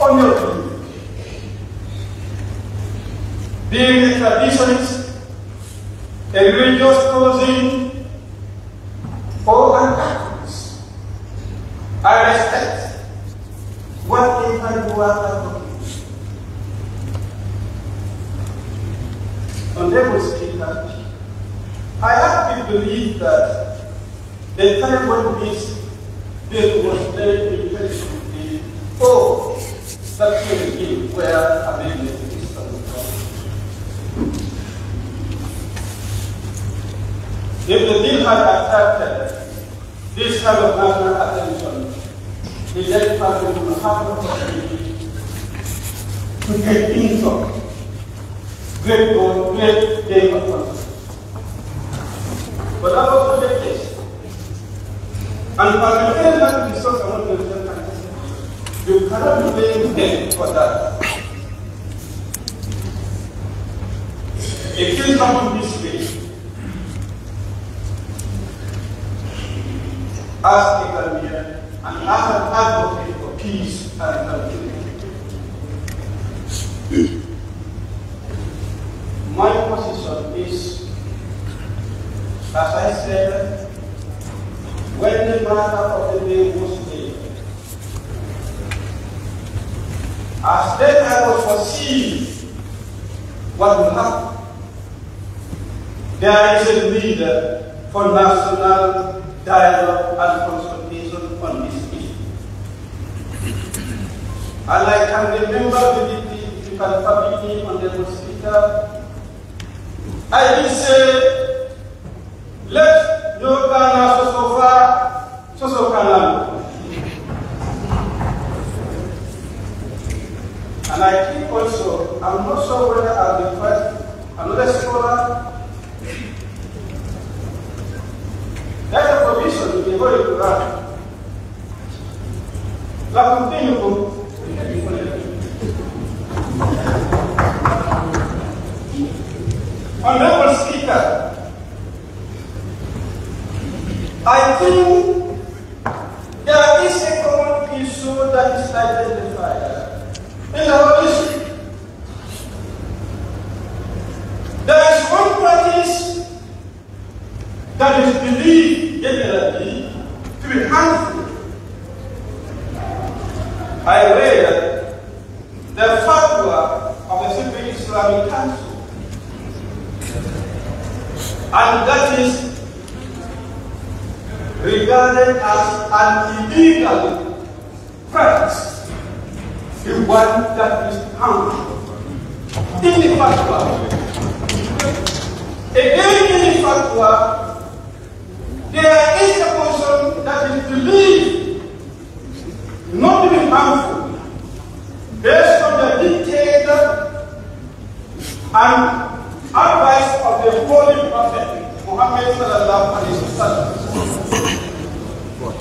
On honorably. Being a traditionist, a religious closing, or an activist, I respect whatever you are advocating. Honorable Speaker, I have to believe that the time when this bill was very intelligently, oh, certainly be where amendment is coming from. If the bill had accepted this kind of national attention, the legislature would have the opportunity to get into Great goal, great day of But that was not the case. And parliamentary discussion you cannot blame them for that. It thing happened this way, ask a Gambian and ask an advocate for peace and tranquility, my position is, as I said, when the matter of the day was As then I foreseen what will happen. There is a need for national dialogue and consultation on this issue. And I can remember vividly, if you can permit me, the Speaker, I did say Islamic Council. And that is regarded as an illegal practice, the one that is harmful, in the fatwa. Again, in the fatwa, there is a person that is believed not to be harmful based and advice of the Holy Prophet Muhammad sallallahu alayhi wa sallam.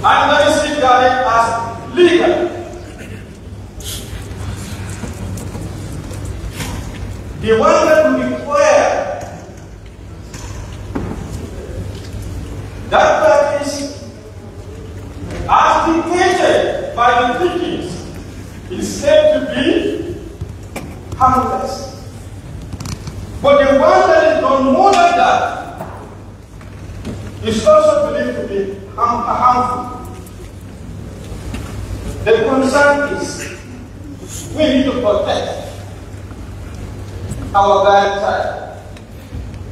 And they see regarded as legal. The one that require that practice as dictated by the teachings is said to be harmless. But the one that is done more than that is also believed to be harmful. The concern is we need to protect our blind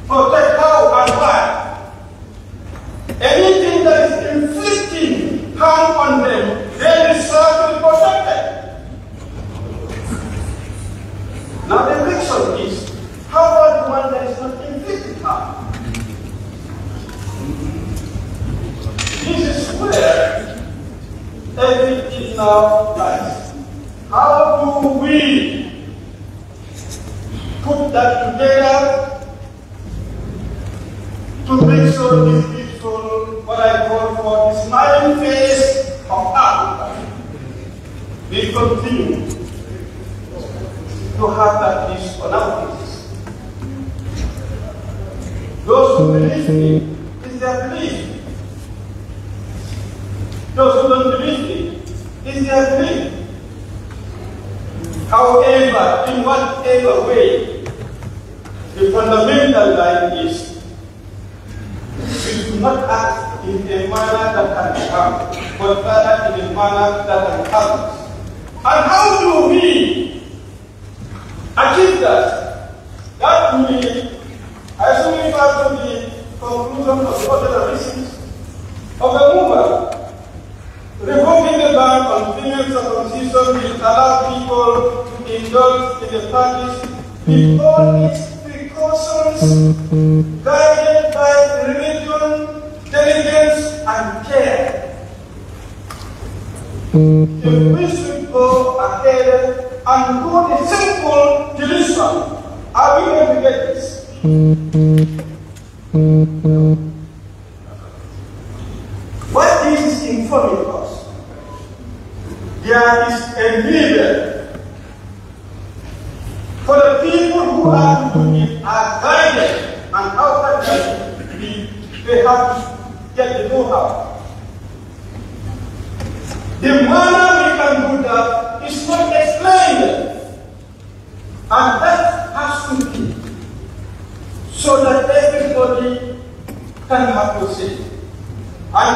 Protect how and why. Anything that is inflicting harm on them, they deserve to be protected. Now the reason is one that is not convicted of. Jesus swears David is now lies. How do we put that together to make sure this beautiful, what I call for, the smiling face of Africa We continue to have that Is that me? belief. Those who don't believe me, is their belief. However, in whatever way, the fundamental line is we do not act in a manner that can come, but rather in a manner that can come. And how do we achieve that? That means, as we pass conclusion of social ambitions of a movement. Removing the ban on female circumcision will allow people to indulge in the practice with all its precautions, guided by religion, diligence, and care. the we should go ahead and do the simple delusion are we going to get this? What is informing us? There is a leader for the people who are to be guided and how can they they have to get the know-how. The manner we can do that is not explained. And that has to be so that everybody can have to say. And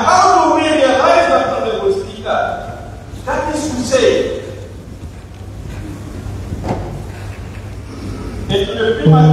how do we realize that, the Speaker? That is to say, it the be my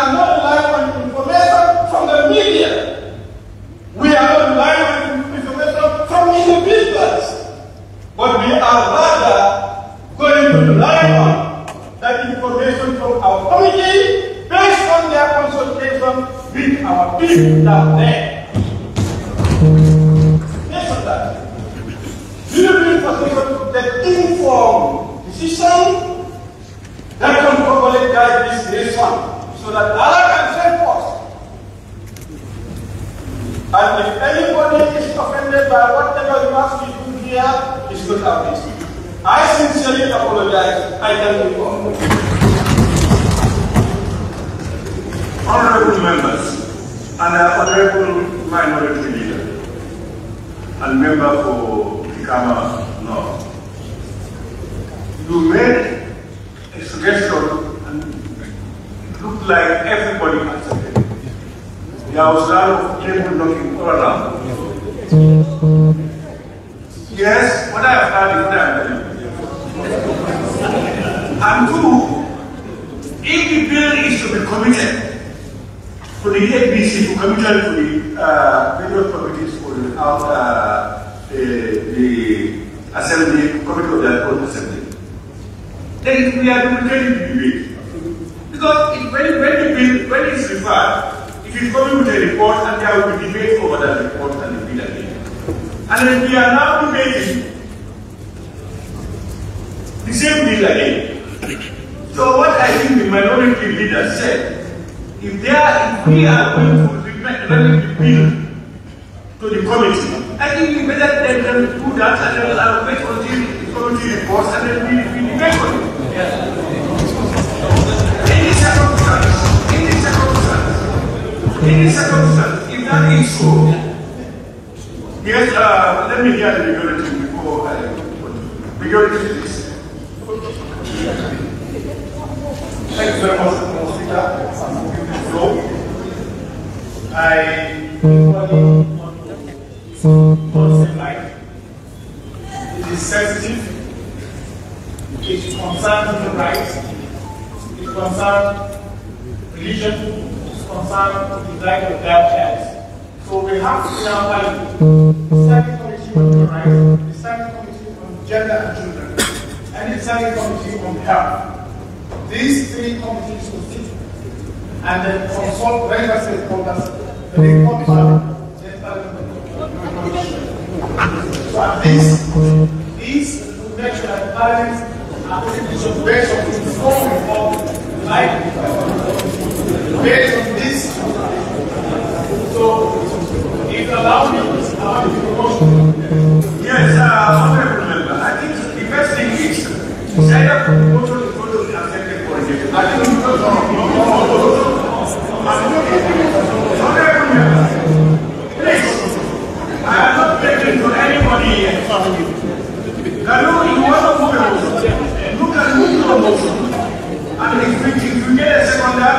are not relying on information from the media. We are not relying on information from individuals. But we are rather going to rely on that information from our community based on their consultation with our people down there. Based on that, you need information that informed decision that can probably guide this nation so that Allah can save us. And if anybody is offended by whatever you ask to do here, it's not our business. I sincerely apologize. I thank you all. Honorable members and honorable minority leader and member for Kikama North, you made a suggestion looked like everybody accepted it. There was a lot of people looking all around. Yes, what I have heard is that. and two, if the bill is to be committed for the ABC, to committed to the uh, various committees for the, uh, the, the assembly, committee of the assembly, then we are duplicating the debate. Because it, when, when, when it's referred, it is coming with a report and there will be debate over that report and the bill again. And then we are now debating the same bill again. So what I think the minority leader said, if, they are, if we are going to recommend the bill to the committee, I think we better let them do that and then I'll wait until the committee reports and then we, we debate on it. Yeah. any circumstance, if that is so, yes, let me hear the majority before I majority please. Thank you very much, for that. Mr. I equally want to concentrate. It is sensitive. It concerns the rights. It concerns religion. concerned the design of that chairs. So we have to now have the Standing Committee on the Rights, the Standing Committee on Gender and Children, and the Standing Committee on Health. These three committees will sit and then consult relevant stakeholders, the commission, so at least these will make sure that parents are able to based on informed, informed, like based on this. So it allowed me, to promote. Yes, uh, I think the thing is set up is going to accepted for it. I think because please, I am not taking anybody Can you, in one of look at who and if you get a second that,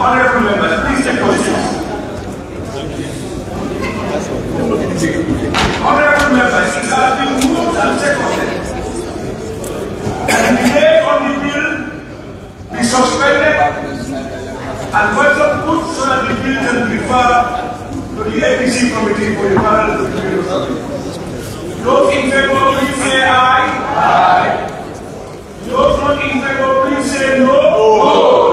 Honorable members, please take Honorable members, it has been moved and on the bill be suspended and put so that the bill to the APC committee for the Those in favor, please say aye. Aye. Those not in favor, no.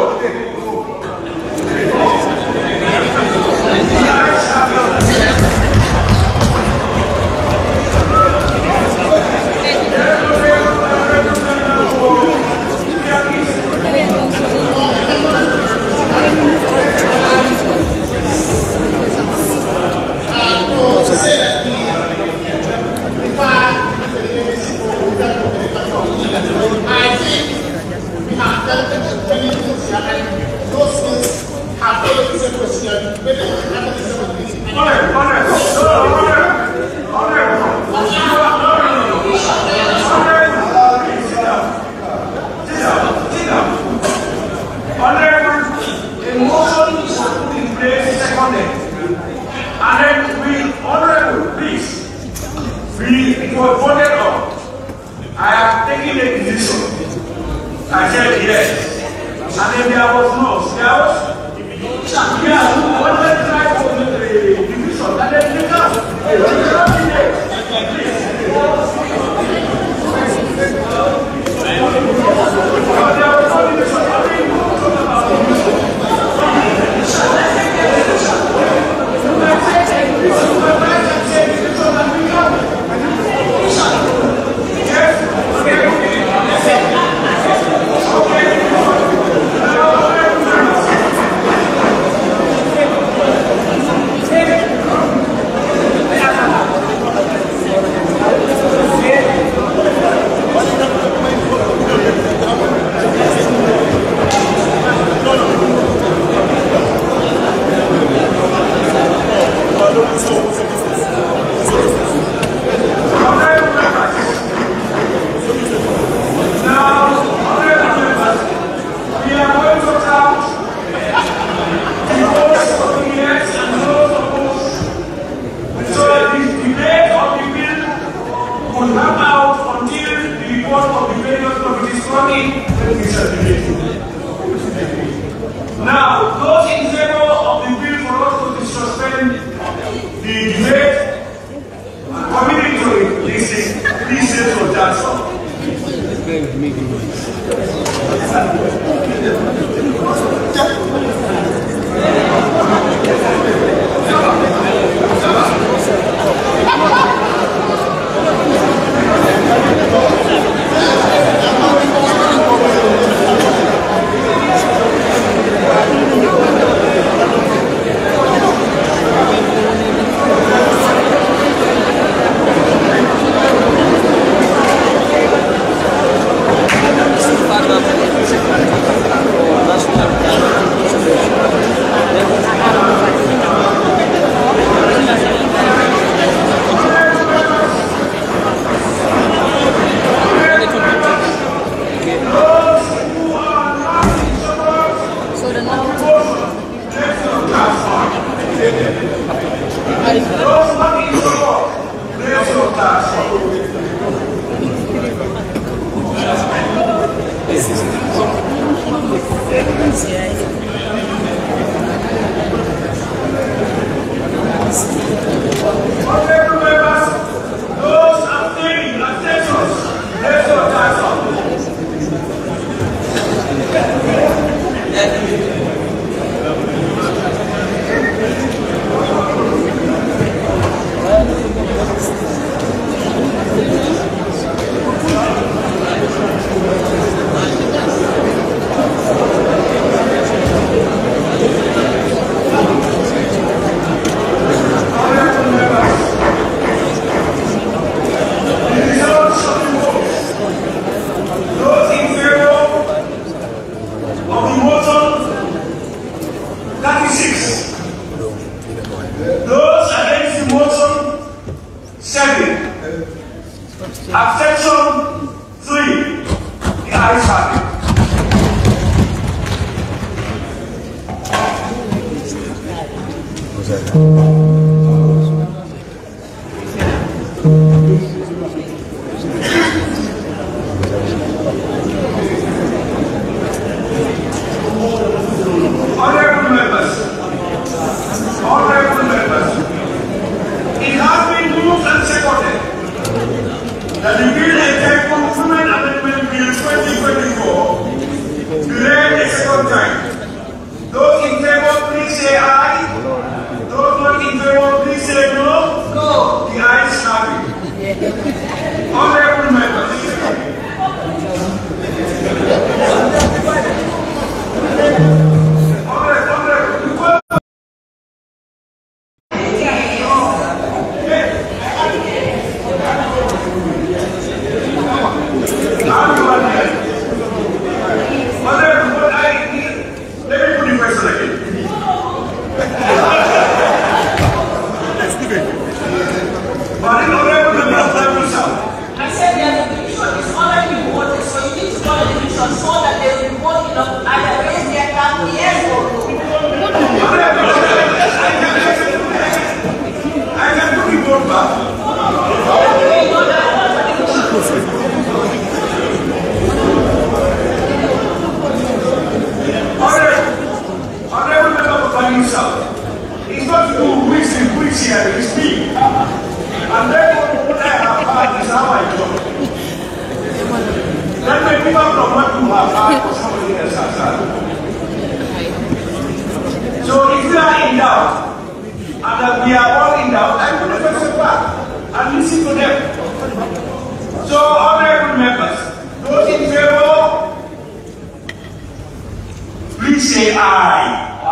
Yeah. please say no. No. The eyes have All right. yourself. It's not you which is which and his me. And then what I have had is how I talk. Let me give up from what you have had for somebody else has had. So if you are in doubt, and we are all in doubt, I put the person back and listen to them. So honorable members, those in favor, please say aye.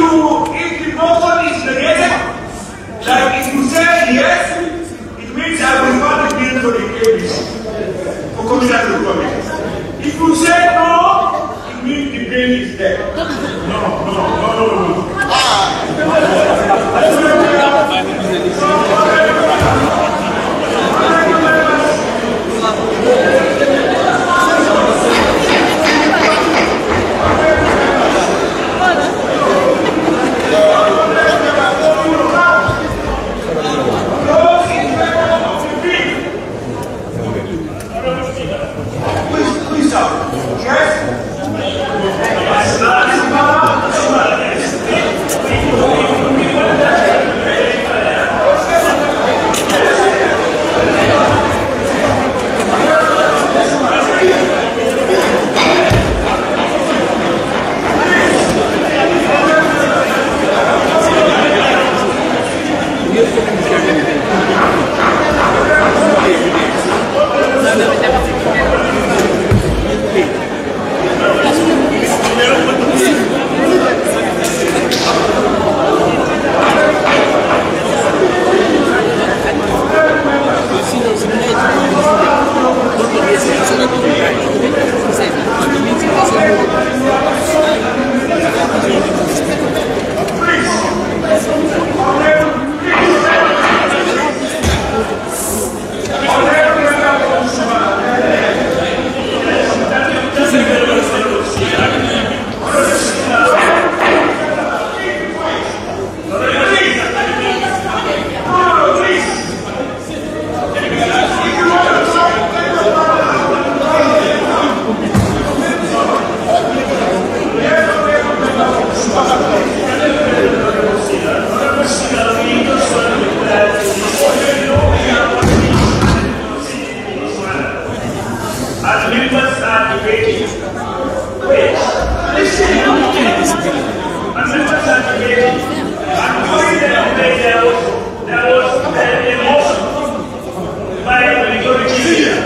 you, if the motion is yes, like if you say yes, it means I will not appeal for the KBC, for to government. If you say no, it means the bill is there. No, no, no, no, no. Ah. as members are debating, wait, listen. As members are debating, and during the debate there was, there was uh, a motion by the majority leader.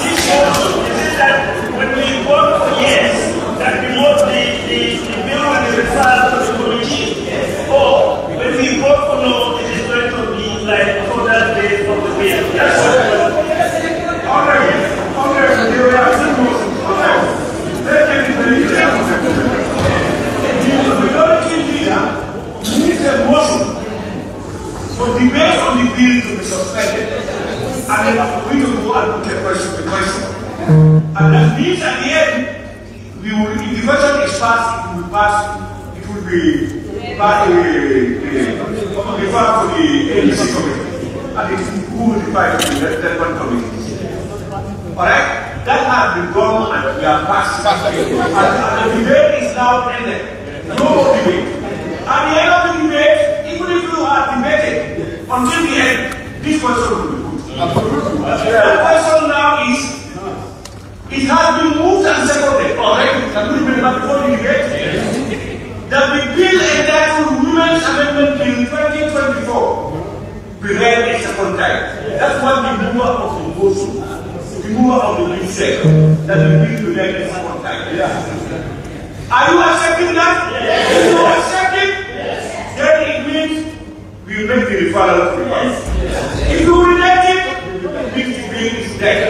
This motion is that when we vote for yes, that we vote the, the, the bill will be referred to the committee, or when we vote for no, it is going to be like further days of the bill. the merits of the bill to be suspended. And then we need to go and put the question, the question. And that means at the end, we will, if the question is passed, it will pass, it will be passed, uh, uh, referred to the NEC committee. And it will refer to the relevant committee. Alright? That has been gone and we are past. and, and the debate is now ended. No debate. At the end of the debate, even if you are debated, Until the end, this question will be put. The question now is, it has been moved and seconded already. Can you remember before the debate? Yes. That the bill entitled Women's Amendment Bill 2024 be read a second time. That's what the mover of the motion, the mover of the bill said, that the bill be read a second time. Yes. Are you accepting that? Yes. If you accept we make the of to us. If you reject it, the victim is dead.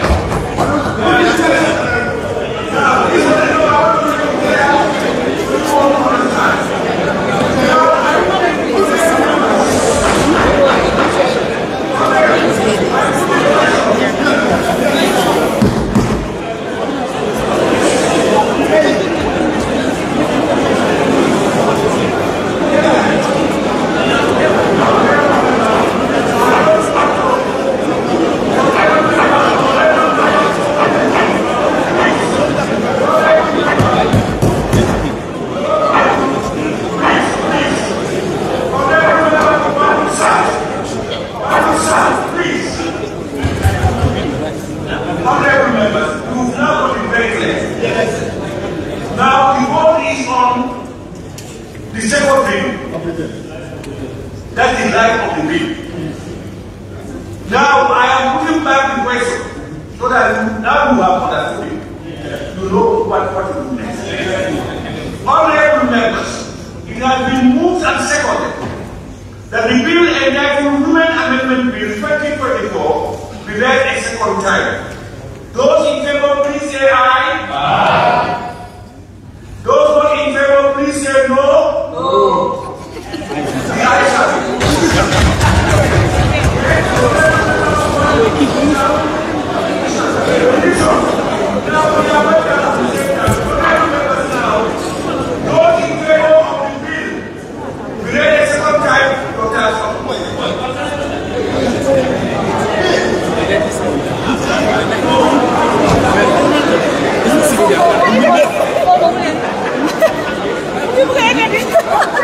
It has been moved and seconded that the bill entitled Women Amendment Bill 2024 be read a second time. Those in favor, please say aye. Aye.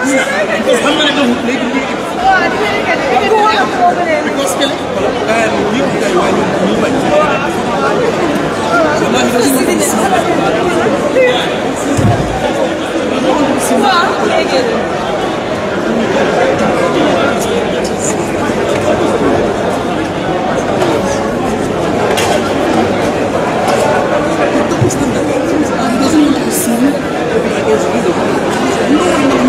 Because I'm going to who played in Because Kelly and you guys were in the to see that. I doesn't want to see that. to see it.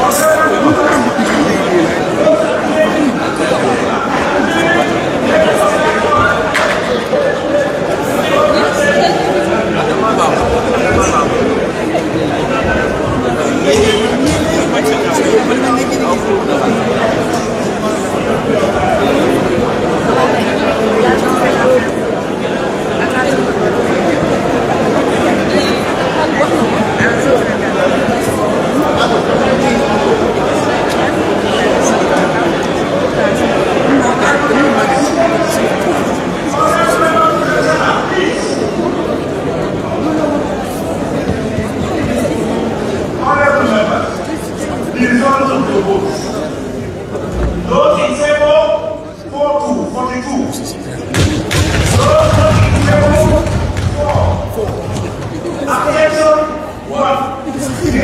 Nossa.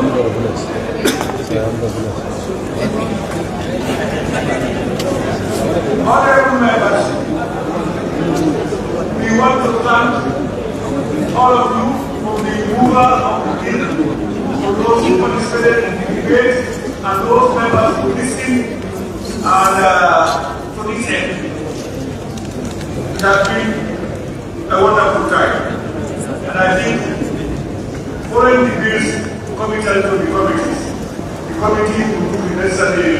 I'm the runners. I am the runners. Honorable members, we want to thank all of you for the removal of the bill, for those who participated in the debate, and those members who listened and uh, to this end. It has been a wonderful time. And I think following the bills committee to the committees. The committee will do the necessary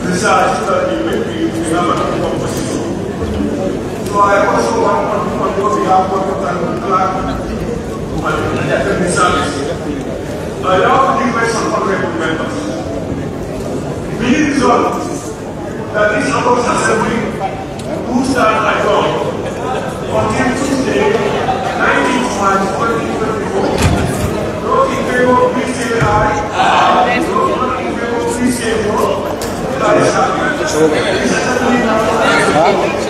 research so that they make the composition. So I also want to on your behalf of the clerk and the service. I now request some honorable members. The reason that this August Assembly will start at until Tuesday, 19th March Thank you.